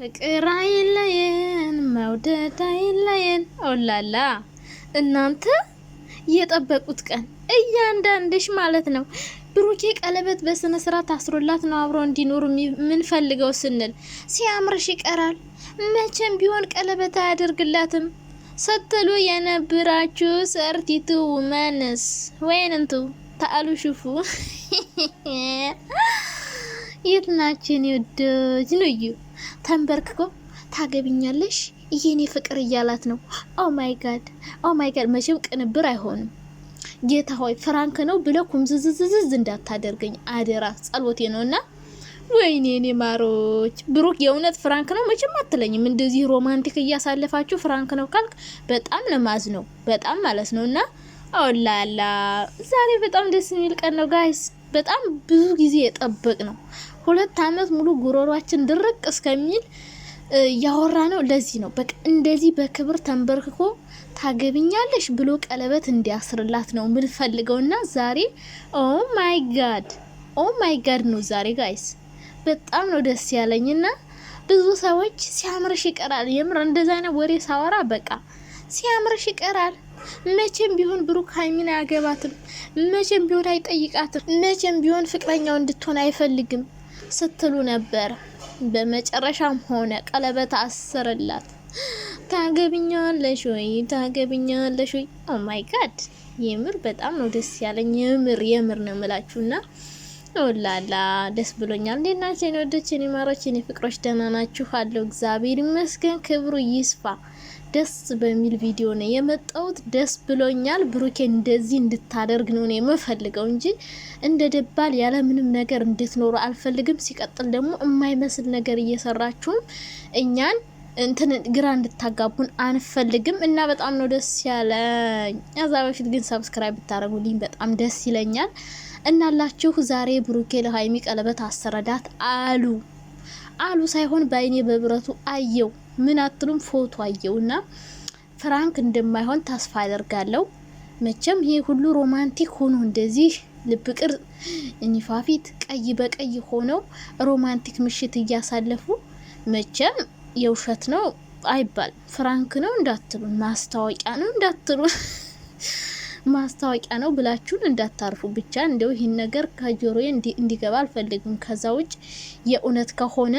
ፍቅር አይለየን፣ መውደድ አይለየን። ኦላላ እናንተ የጠበቁት ቀን እያንዳንድሽ ማለት ነው። ብሩኬ ቀለበት በስነ ስርዓት አስሮላት ነው አብሮ እንዲኖሩ የምንፈልገው ስንል ሲያምርሽ ይቀራል። መቼም ቢሆን ቀለበት አያደርግላትም ስትሉ የነብራችሁ ሰርቲቱ መንስ ወይንንቱ ታአሉ ሽፉ የትናችን ይወደጅ ንዩ ተንበርክኮ ታገብኛለሽ የኔ ፍቅር እያላት ነው። ኦ ማይ ጋድ ኦ ማይ ጋድ! መቼም ቅንብር አይሆንም። ጌታ ሆይ ፍራንክ ነው ብለ ኩምዝዝዝዝ እንዳታደርገኝ አደራ፣ ጸሎቴ ነው እና ወይኔ እኔ ማሮች፣ ብሩክ የእውነት ፍራንክ ነው መቼም አትለኝም። እንደዚህ ሮማንቲክ እያሳለፋችሁ ፍራንክ ነው ካልክ በጣም ነማዝ ነው በጣም ማለት ነው። እና ኦላላ ዛሬ በጣም ደስ የሚል ቀን ነው ጋይስ፣ በጣም ብዙ ጊዜ የጠበቅ ነው ሁለት አመት ሙሉ ጉሮሯችን ድርቅ እስከሚል ያወራ ነው። ለዚህ ነው በቃ እንደዚህ በክብር ተንበርክኮ ታገብኛለሽ ብሎ ቀለበት እንዲያስርላት ነው ምንፈልገውና ዛሬ ኦ ማይ ጋድ ኦ ማይ ጋድ ነው ዛሬ ጋይስ በጣም ነው ደስ ያለኝና ብዙ ሰዎች ሲያምርሽ ይቀራል። የምር እንደዛ አይነት ወሬ ሳወራ በቃ ሲያምርሽ ይቀራል። መቼም ቢሆን ብሩክ ሀይሚን አያገባትም። መቼም ቢሆን አይጠይቃትም። መቼም ቢሆን ፍቅረኛው እንድትሆን አይፈልግም። ስትሉ ነበር። በመጨረሻም ሆነ ቀለበት አሰረላት። ታገብኛለሽ ወይ? ታገብኛለሽ ወይ? ኦ ማይ ጋድ! የምር በጣም ነው ደስ ያለኝ። የምር የምር ነው የምላችሁና ኦላላ ደስ ብሎኛል። እንዴት ናችሁ የኔ ወዶች፣ የኔ ማሮች፣ የኔ ፍቅሮች? ደህና ናችሁ? አለው እግዚአብሔር ይመስገን፣ ክብሩ ይስፋ። ደስ በሚል ቪዲዮ ነው የመጣሁት። ደስ ብሎኛል። ብሩኬ እንደዚህ እንድታደርግ ነው የምፈልገው እንጂ እንደ ደባል ያለ ምንም ነገር እንድትኖሩ አልፈልግም። ሲቀጥል ደግሞ የማይመስል ነገር እየሰራችሁም እኛን እንትን ግራ እንድታጋቡን አንፈልግም እና በጣም ነው ደስ ያለ። ከዛ በፊት ግን ሰብስክራይብ ብታደረጉልኝ በጣም ደስ ይለኛል። እናላችሁ ዛሬ ብሩኬ ለሀይሚ ቀለበት አሰረዳት አሉ አሉ ሳይሆን በአይኔ በብረቱ አየው። ምን አትሉም? ፎቶ አየው እና ፍራንክ እንደማይሆን ተስፋ አደርጋለሁ። መቼም ይሄ ሁሉ ሮማንቲክ ሆኖ እንደዚህ ልብ ቅር እኒፋፊት ቀይ በቀይ ሆነው ሮማንቲክ ምሽት እያሳለፉ መቼም የውሸት ነው አይባል። ፍራንክ ነው እንዳትሉ፣ ማስታወቂያ ነው እንዳትሉ፣ ማስታወቂያ ነው ብላችሁን እንዳታርፉ። ብቻ እንደው ይህን ነገር ከጆሮዬ እንዲገባ አልፈልግም። ከዛ ውጭ የእውነት ከሆነ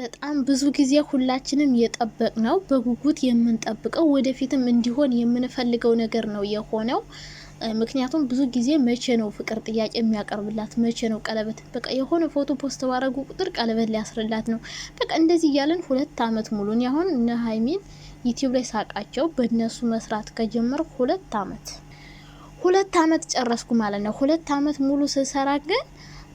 በጣም ብዙ ጊዜ ሁላችንም የጠበቅ ነው በጉጉት የምንጠብቀው ወደፊትም እንዲሆን የምንፈልገው ነገር ነው የሆነው። ምክንያቱም ብዙ ጊዜ መቼ ነው ፍቅር ጥያቄ የሚያቀርብላት? መቼ ነው ቀለበት? በቃ የሆነ ፎቶ ፖስት ባረጉ ቁጥር ቀለበት ሊያስርላት ነው። በቃ እንደዚህ እያለን ሁለት አመት ሙሉን ያሁን እነ ሀይሚን ዩቲዩብ ላይ ሳቃቸው በእነሱ መስራት ከጀመር ሁለት አመት ሁለት አመት ጨረስኩ ማለት ነው። ሁለት አመት ሙሉ ስሰራ ግን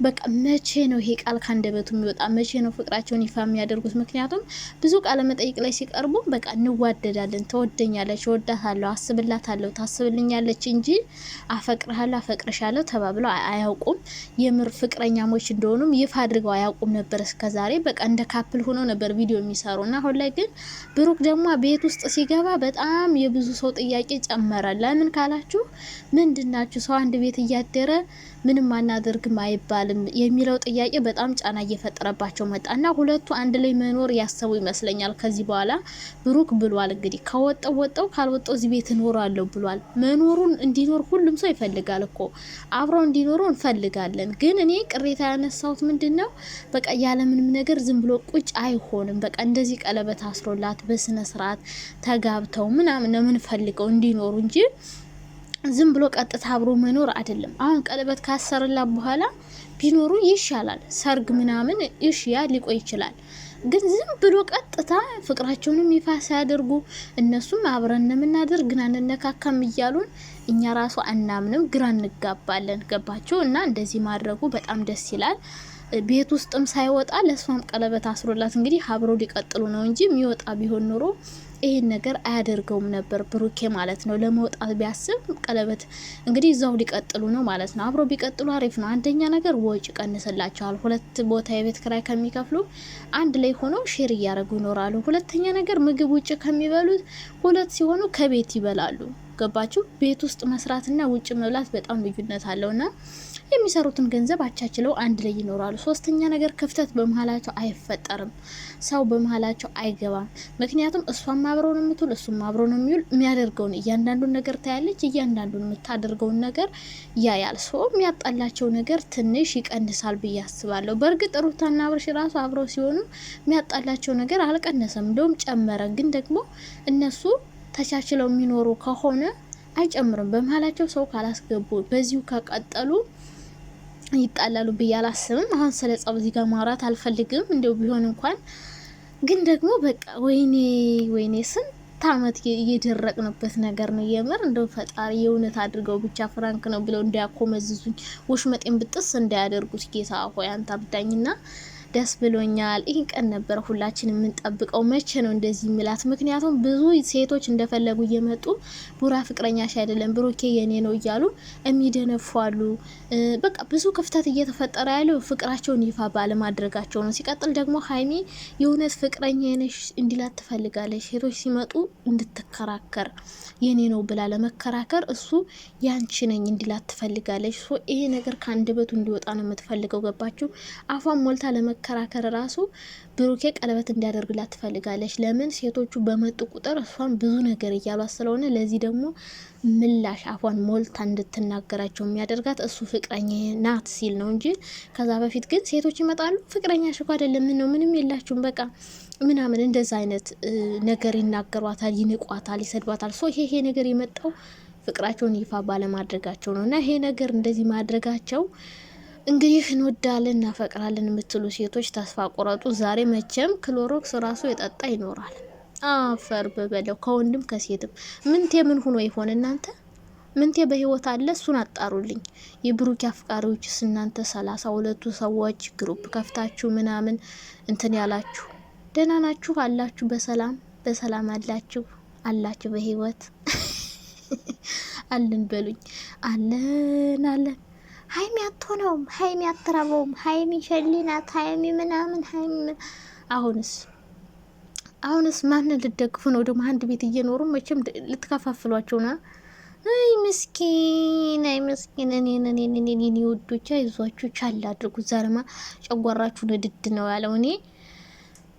በቃ መቼ ነው ይሄ ቃል ካንደበቱ የሚወጣ? መቼ ነው ፍቅራቸውን ይፋ የሚያደርጉት? ምክንያቱም ብዙ ቃለ መጠይቅ ላይ ሲቀርቡ በቃ እንዋደዳለን፣ ተወደኛለች፣ አስብላት አስብላታለሁ፣ ታስብልኛለች እንጂ አፈቅርሃለሁ፣ አፈቅርሻለሁ ተባብለው አያውቁም። የምር ፍቅረኛሞች እንደሆኑም ይፋ አድርገው አያውቁም ነበር እስከዛሬ። በቃ እንደ ካፕል ሆኖ ነበር ቪዲዮ የሚሰሩ እና አሁን ላይ ግን ብሩክ ደግሞ ቤት ውስጥ ሲገባ በጣም የብዙ ሰው ጥያቄ ጨመረ። ለምን ካላችሁ ምንድናችሁ ሰው አንድ ቤት እያደረ ምንም አናደርግም አይባል አይቻልም የሚለው ጥያቄ በጣም ጫና እየፈጠረባቸው መጣ እና ሁለቱ አንድ ላይ መኖር ያሰቡ ይመስለኛል። ከዚህ በኋላ ብሩክ ብሏል እንግዲህ ከወጠው ወጠው ካልወጠው እዚህ ቤት እኖራለሁ ብሏል። መኖሩን እንዲኖር ሁሉም ሰው ይፈልጋል እኮ አብረው እንዲኖሩ እንፈልጋለን። ግን እኔ ቅሬታ ያነሳሁት ምንድን ነው በቃ ያለምንም ነገር ዝም ብሎ ቁጭ አይሆንም። በቃ እንደዚህ ቀለበት አስሮላት በስነ ስርዓት ተጋብተው ምናምን ነው የምንፈልገው እንዲኖሩ እንጂ ዝም ብሎ ቀጥታ አብሮ መኖር አይደለም። አሁን ቀለበት ካሰርላት በኋላ ቢኖሩ ይሻላል። ሰርግ ምናምን እሺ፣ ያ ሊቆይ ይችላል። ግን ዝም ብሎ ቀጥታ ፍቅራቸውንም ይፋ ሲያደርጉ እነሱም አብረን የምናደርግ ግን አንነካካም እያሉን እኛ ራሱ አናምንም፣ ግራ እንጋባለን። ገባቸው እና እንደዚህ ማድረጉ በጣም ደስ ይላል። ቤት ውስጥም ሳይወጣ ለእሷም ቀለበት አስሮላት እንግዲህ አብሮ ሊቀጥሉ ነው እንጂ የሚወጣ ቢሆን ኖሮ ይህን ነገር አያደርገውም ነበር ብሩኬ ማለት ነው። ለመውጣት ቢያስብ ቀለበት እንግዲህ እዛው ሊቀጥሉ ነው ማለት ነው። አብሮ ቢቀጥሉ አሪፍ ነው። አንደኛ ነገር ወጪ ቀንስላቸዋል። ሁለት ቦታ የቤት ክራይ ከሚከፍሉ አንድ ላይ ሆኖ ሼር እያደረጉ ይኖራሉ። ሁለተኛ ነገር ምግብ ውጭ ከሚበሉት ሁለት ሲሆኑ ከቤት ይበላሉ። ገባችሁ? ቤት ውስጥ መስራትና ውጭ መብላት በጣም ልዩነት አለውና የሚሰሩትን ገንዘብ አቻችለው አንድ ላይ ይኖራሉ። ሶስተኛ ነገር ክፍተት በመሀላቸው አይፈጠርም። ሰው በመሀላቸው አይገባም። ምክንያቱም እሷም አብረው ነው የምትውል፣ እሱም አብረው ነው የሚውል። የሚያደርገውን እያንዳንዱን ነገር ታያለች። እያንዳንዱን የምታደርገውን ነገር ያያል። ሰው የሚያጣላቸው ነገር ትንሽ ይቀንሳል ብዬ አስባለሁ። በእርግጥ ሩታና ብርሽ ራሱ አብረው ሲሆኑ የሚያጣላቸው ነገር አልቀነሰም፣ እንደውም ጨመረ። ግን ደግሞ እነሱ ተቻችለው የሚኖሩ ከሆነ አይጨምርም። በመሀላቸው ሰው ካላስገቡ በዚሁ ከቀጠሉ ይጣላሉ ብዬ አላስብም። አሁን ስለ ጸብ እዚህ ጋር ማውራት አልፈልግም። እንደው ቢሆን እንኳን ግን ደግሞ በቃ ወይኔ ወይኔ ስንት ታመት እየደረቅንበት ነገር ነው። የምር እንደው ፈጣሪ የእውነት አድርገው ብቻ ፍራንክ ነው ብለው እንዳያኮመዝዙኝ፣ ወሽመጤን ብጥስ እንዳያደርጉት። ጌታ ሆይ አንተ አብዳኝና ደስ ብሎኛል። ይህን ቀን ነበር ሁላችን የምንጠብቀው፣ መቼ ነው እንደዚህ የሚላት? ምክንያቱም ብዙ ሴቶች እንደፈለጉ እየመጡ ቡራ ፍቅረኛሽ አይደለም ብሩኬ የኔ ነው እያሉ የሚደነፏሉ። በቃ ብዙ ክፍተት እየተፈጠረ ያለው ፍቅራቸውን ይፋ ባለማድረጋቸው ነው። ሲቀጥል ደግሞ ሀይሚ የእውነት ፍቅረኛ ነሽ እንዲላት ትፈልጋለች። ሴቶች ሲመጡ እንድትከራከር የኔ ነው ብላ ለመከራከር እሱ ያንቺ ነኝ እንዲላት ትፈልጋለች። ይሄ ነገር ከአንድ በቱ እንዲወጣ ነው የምትፈልገው። ገባችሁ? አፏን ሞልታ ለመከ ለመከራከር ራሱ ብሩኬ ቀለበት እንዲያደርግላት ትፈልጋለች። ለምን ሴቶቹ በመጡ ቁጥር እሷን ብዙ ነገር እያሏት ስለሆነ፣ ለዚህ ደግሞ ምላሽ አፏን ሞልታ እንድትናገራቸው የሚያደርጋት እሱ ፍቅረኛ ናት ሲል ነው እንጂ ከዛ በፊት ግን ሴቶች ይመጣሉ። ፍቅረኛ ሽኮ አይደለም ነው ምንም የላችሁም በቃ ምናምን እንደዛ አይነት ነገር ይናገሯታል፣ ይንቋታል፣ ይሰድቧታል። ሶ ይሄ ነገር የመጣው ፍቅራቸውን ይፋ ባለማድረጋቸው ነው እና ይሄ ነገር እንደዚህ ማድረጋቸው እንግዲህ እንወዳለን እናፈቅራለን የምትሉ ሴቶች ተስፋ ቆረጡ። ዛሬ መቼም ክሎሮክስ ራሱ የጠጣ ይኖራል። አፈር በበለው ከወንድም ከሴትም። ምንቴ ምን ሆኖ ይሆን እናንተ? ምንቴ በህይወት አለ? እሱን አጣሩልኝ። የብሩኪ አፍቃሪዎችስ እናንተ ሰላሳ ሁለቱ ሰዎች ግሩፕ ከፍታችሁ ምናምን እንትን ያላችሁ ደህና ናችሁ አላችሁ? በሰላም በሰላም አላችሁ አላችሁ በህይወት አለን በሉኝ። አለን አለን ሀይሚ አትሆነውም፣ ሀይሚ አትራበውም፣ ሀይሚ ሸሊናት፣ ሀይሚ ምናምን፣ ሀይሚ አሁንስ አሁንስ ማንን ልደግፉ ነው ደግሞ? አንድ ቤት እየኖሩ መቼም ልትከፋፍሏቸው ና። አይ ምስኪን፣ አይ ምስኪን፣ እኔን ውዶች አይዟችሁ፣ ቻል አድርጉ። ዛሬማ ጨጓራችሁ ንድድ ነው ያለው እኔ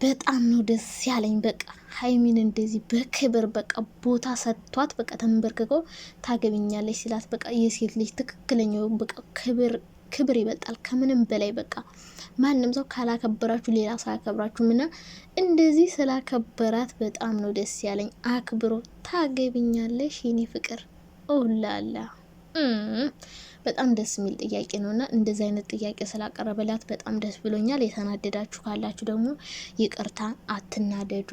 በጣም ነው ደስ ያለኝ። በቃ ሀይሚን እንደዚህ በክብር በቃ ቦታ ሰጥቷት በቃ ተንበርክከው ታገብኛለች ሲላት በቃ የሴት ልጅ ትክክለኛው በቃ ክብር ክብር ይበልጣል ከምንም በላይ በቃ ማንም ሰው ካላከበራችሁ ሌላ ሰው አያከብራችሁም። እና እንደዚህ ስላከበራት በጣም ነው ደስ ያለኝ። አክብሮ ታገብኛለሽ የኔ ፍቅር ኦላላ በጣም ደስ የሚል ጥያቄ ነው እና እንደዚህ አይነት ጥያቄ ስላቀረበላት በጣም ደስ ብሎኛል። የተናደዳችሁ ካላችሁ ደግሞ ይቅርታ፣ አትናደዱ።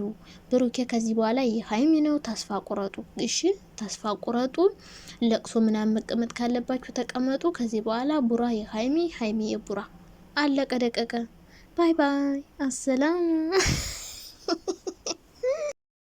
ብሩኬ ከዚህ በኋላ የሀይሚ ነው፣ ተስፋ ቁረጡ። እሺ፣ ተስፋ ቁረጡ። ለቅሶ ምናምን መቀመጥ ካለባችሁ ተቀመጡ። ከዚህ በኋላ ቡራ የሀይሚ ሀይሚ የቡራ አለቀ ደቀቀ። ባይ ባይ፣ አሰላም